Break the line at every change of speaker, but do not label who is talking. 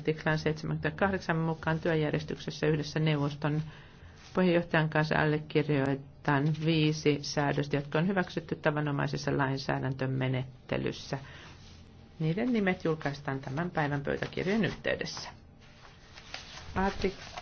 artiklan 78 mukaan työjärjestyksessä yhdessä neuvoston puheenjohtajan kanssa allekirjoitetaan viisi säädöstä, jotka on hyväksytty tavanomaisessa lainsäädäntömenettelyssä. Niiden nimet julkaistaan tämän päivän pöytäkirjan
yhteydessä. Artik-